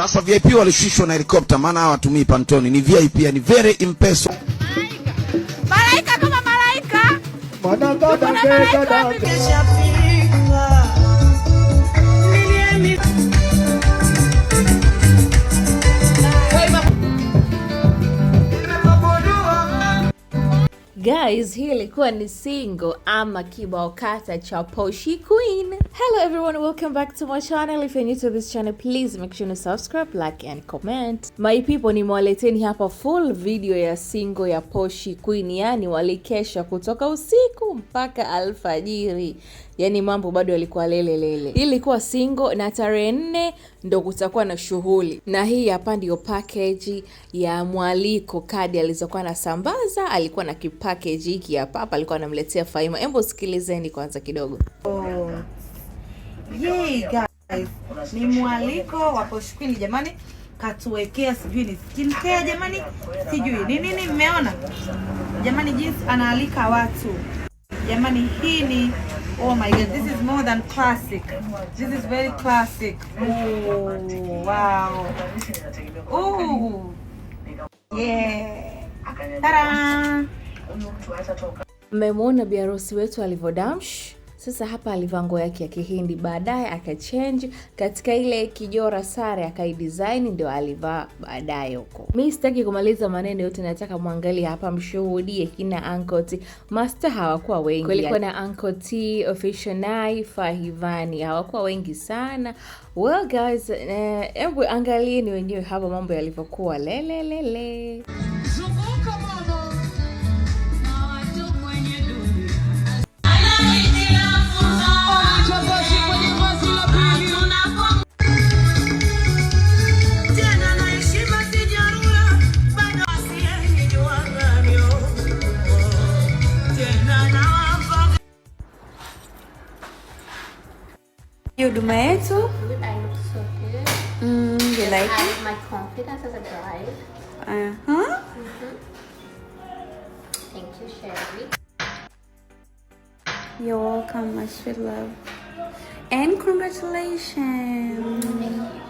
Sasa VIP walishushwa na helikopta, maana hawa hawatumii pantoni, ni VIP, ni very impeso. Malaika kama malaika, malaika Guys, hii ilikuwa ni single ama kibao kata cha Poshy Queen hello everyone welcome back to my channel if you're new to this channel please make sure to subscribe like and comment my people nimewaleteni hapa full video ya singo ya poshi Queen yani walikesha kutoka usiku mpaka alfajiri yani mambo bado yalikuwa lelelele hii ilikuwa singo na tarehe nne ndo kutakuwa na shughuli na hii hapa ndiyo package ya mwaliko kadi alizokuwa anasambaza alikuwa na kipackage hiki hapa hapa alikuwa anamletea Faima embo sikilizeni kwanza kidogo oh. Hey guys, ni mwaliko wa Posh Queen jamani, katuwekea sijui ni skin care jamani, sijui ni nini, mmeona jamani jinsi anaalika watu jamani, hii ni Oh my god, this is more than classic. This is very classic. Oh, wow. Oh. Yeah. Tada. Mmemwona biharusi wetu alivyodamsh sasa hapa alivaa nguo yake ya Kihindi, baadaye akachange katika ile kijora sare akaidesign, ndio alivaa baadaye huko. Mi sitaki kumaliza maneno yote, nataka mwangalie hapa, mshuhudie kina Anko T. Masta hawakuwa wengi, kulikuwa na Anko yaani T, Official Nai, Fahivani, hawakuwa wengi sana. Well guys, eh, hebu eh, angalieni wenyewe hapa mambo yalivyokuwa lelelele. tomato. Mm, you like it? My confidence as a bride. Uh huh. Mm -hmm. Thank you, Sherry. You're welcome, my sweet love. And congratulations. Thank you.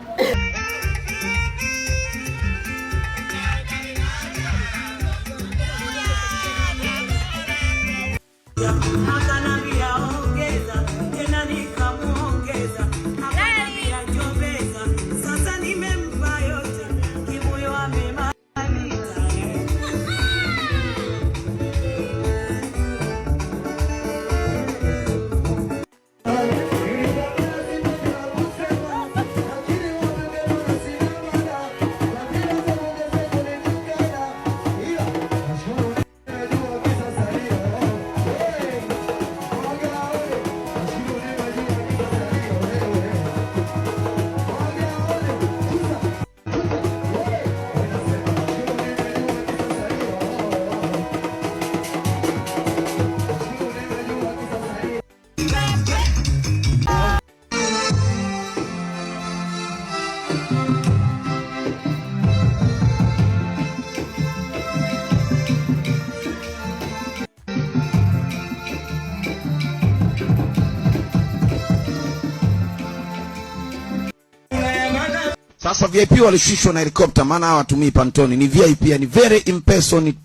Sasa VIP walishushwa na helikopta, maana hawa hawatumii pantoni, ni VIP, ni very eh, impersonal, ni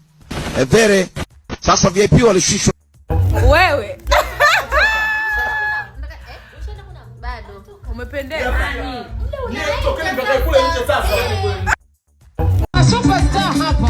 impersonate very. Sasa VIP walishushwa wewe eh. Superstar hapa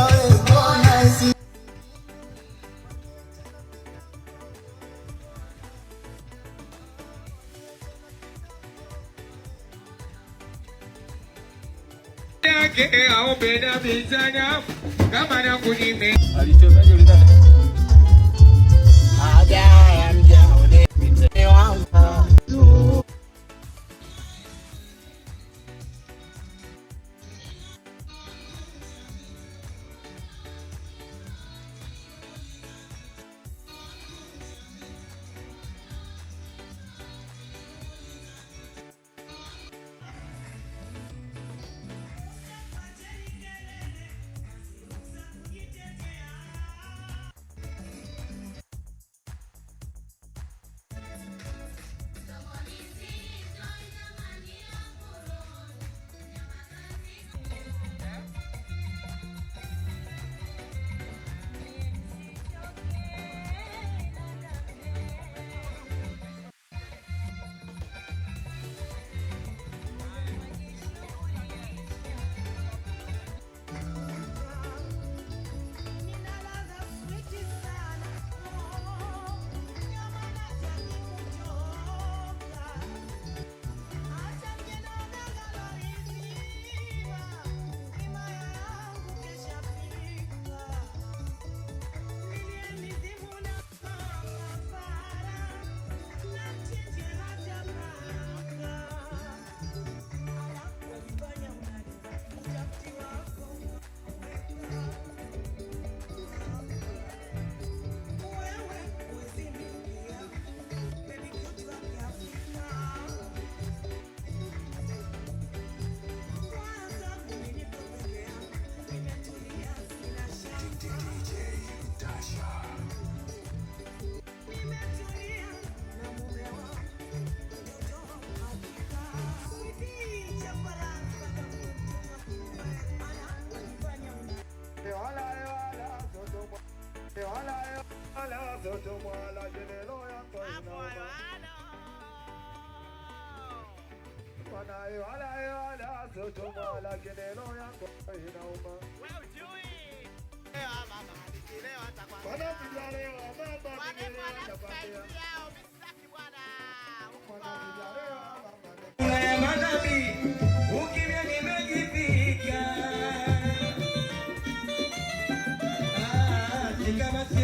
ke ao pé da bisanha, camarão com Thank you.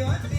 Well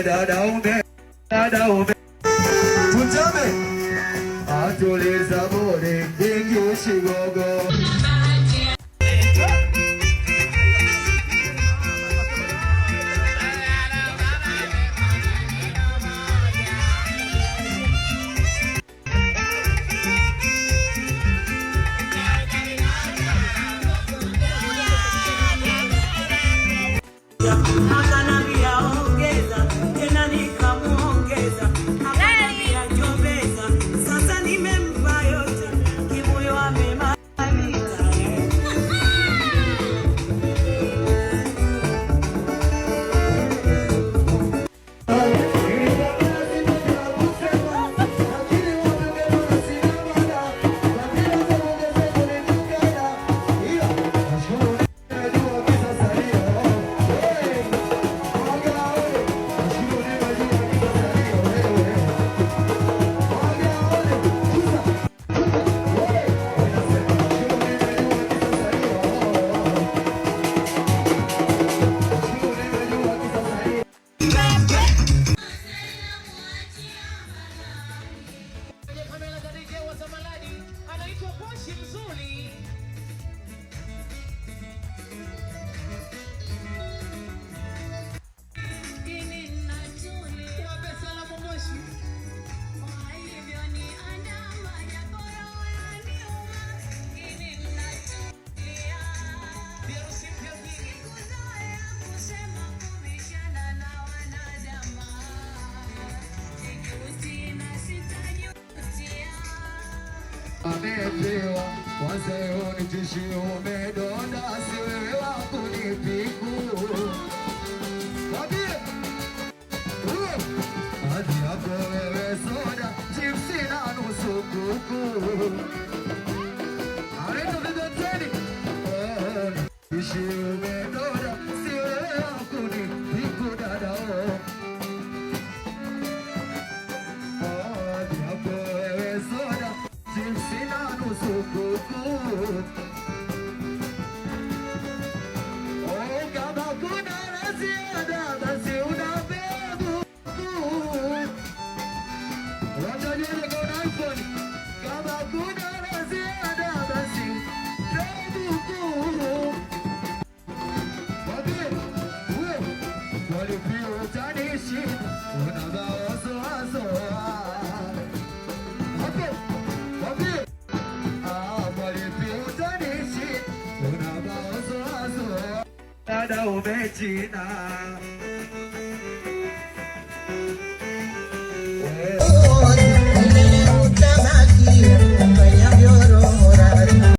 I umbe, se un tishu me donasi Yunus నడవు వేచిన